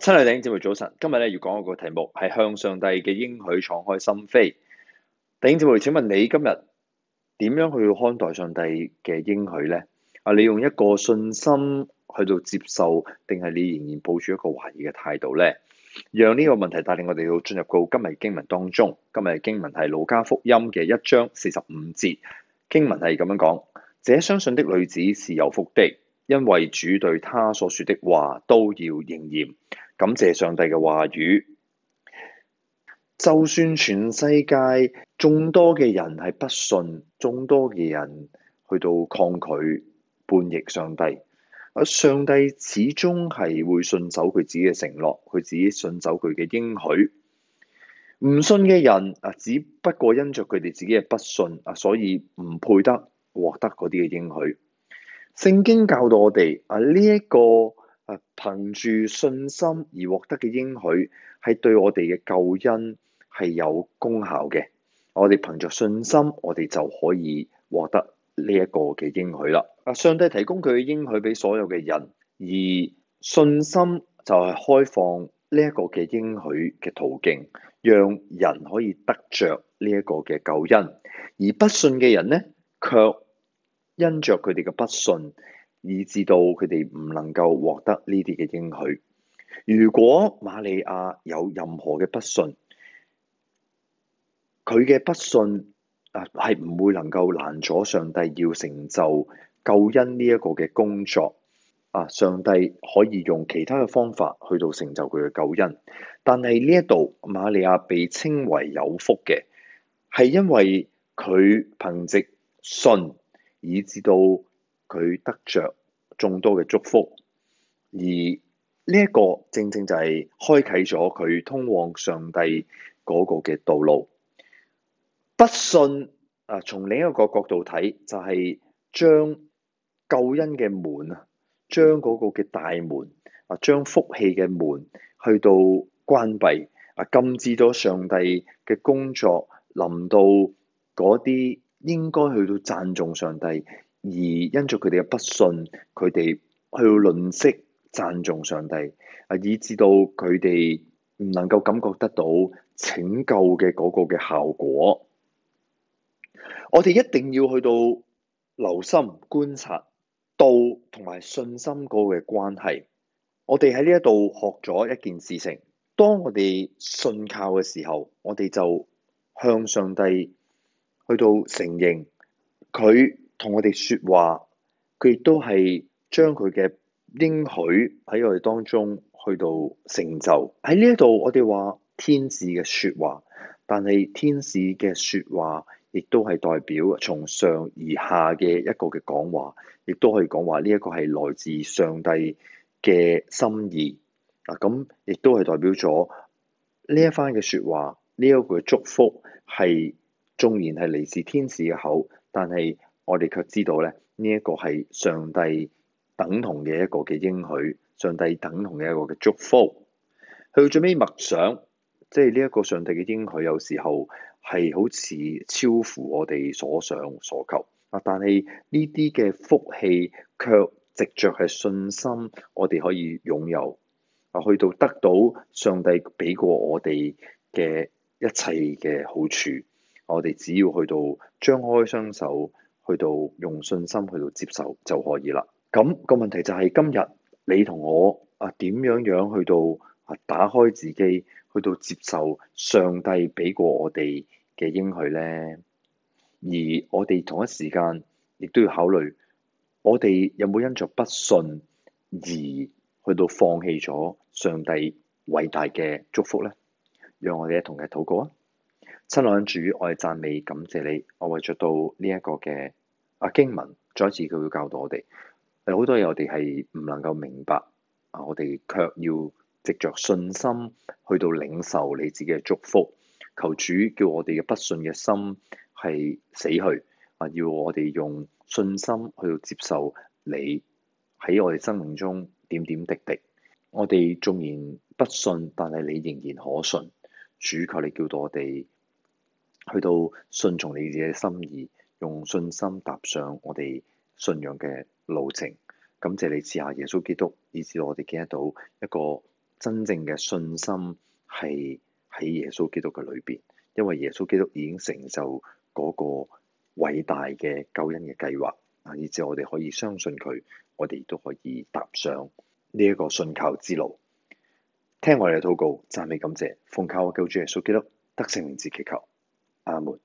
親愛頂姊妹早晨，今日咧要講一個題目係向上帝嘅應許敞開心扉。頂姊妹，請問你今日點樣去看待上帝嘅應許呢？啊，你用一個信心去到接受，定係你仍然抱住一個懷疑嘅態度呢？讓呢個問題帶領我哋要進入到今日經文當中。今日經文係《路加福音》嘅一章四十五節，經文係咁樣講：這相信的女子是有福的，因為主對她所說的話都要應驗。感謝上帝嘅話語，就算全世界眾多嘅人係不信，眾多嘅人去到抗拒叛逆上帝，啊上帝始終係會信守佢自己嘅承諾，佢自己信守佢嘅應許。唔信嘅人啊，只不過因着佢哋自己嘅不信啊，所以唔配得獲得嗰啲嘅應許。聖經教導我哋啊，呢一個。啊！憑住信心而獲得嘅應許，係對我哋嘅救恩係有功效嘅。我哋憑著信心，我哋就可以獲得呢一個嘅應許啦。啊！上帝提供佢嘅應許俾所有嘅人，而信心就係開放呢一個嘅應許嘅途徑，讓人可以得着呢一個嘅救恩。而不信嘅人呢，卻因着佢哋嘅不信。以致到佢哋唔能夠獲得呢啲嘅應許。如果瑪利亞有任何嘅不信，佢嘅不信啊係唔會能夠攔阻上帝要成就救恩呢一個嘅工作啊！上帝可以用其他嘅方法去到成就佢嘅救恩，但係呢一度瑪利亞被稱為有福嘅，係因為佢憑藉信以致到。佢得着眾多嘅祝福，而呢一個正正就係開啟咗佢通往上帝嗰個嘅道路。不信啊，從另一個角度睇，就係、是、將救恩嘅門啊，將嗰個嘅大門啊，將福氣嘅門去到關閉啊，禁止咗上帝嘅工作，臨到嗰啲應該去到讚頌上帝。而因着佢哋嘅不信，佢哋去到吝嗇讚頌上帝，啊，以致到佢哋唔能夠感覺得到拯救嘅嗰個嘅效果。我哋一定要去到留心觀察道同埋信心嗰個嘅關係。我哋喺呢一度學咗一件事情，當我哋信靠嘅時候，我哋就向上帝去到承認佢。同我哋說話，佢亦都係將佢嘅應許喺我哋當中去到成就。喺呢一度，我哋話天使嘅說話，但係天使嘅說話亦都係代表從上而下嘅一個嘅講話，亦都可以講話呢一個係來自上帝嘅心意。嗱、啊，咁亦都係代表咗呢一番嘅說話，呢一句祝福係縱然係嚟自天使嘅口，但係。我哋卻知道咧，呢一個係上帝等同嘅一個嘅應許，上帝等同嘅一個嘅祝福。去到最尾默想，即係呢一個上帝嘅應許，有時候係好似超乎我哋所想所求。啊，但係呢啲嘅福氣，卻藉著係信心，我哋可以擁有。啊，去到得到上帝俾過我哋嘅一切嘅好處，我哋只要去到張開雙手。去到用信心去到接受就可以啦。咁個問題就係今日你同我啊，點樣樣去到啊打開自己，去到接受上帝俾過我哋嘅應許咧。而我哋同一時間亦都要考慮，我哋有冇因着不信而去到放棄咗上帝偉大嘅祝福咧？讓我哋一同嚟禱告啊！親愛的主，我哋讚美感謝你，我為着到呢一個嘅。阿經文再一次佢會教導我哋，有好多嘢我哋係唔能夠明白，啊我哋卻要藉着信心去到領受你自己嘅祝福，求主叫我哋嘅不信嘅心係死去，啊要我哋用信心去到接受你喺我哋生命中點點滴滴。我哋縱然不信，但係你仍然可信，主求你叫到我哋去到順從你自己嘅心意，用信心踏上我哋信仰嘅路程，感謝你賜下耶穌基督，以至我哋見得到一個真正嘅信心係喺耶穌基督嘅裏邊，因為耶穌基督已經成就嗰個偉大嘅救恩嘅計劃，啊，以至我哋可以相信佢，我哋亦都可以踏上呢一個信靠之路。聽我哋嘅禱告，讚美感謝，奉靠我救主耶穌基督得勝名字祈求，阿門。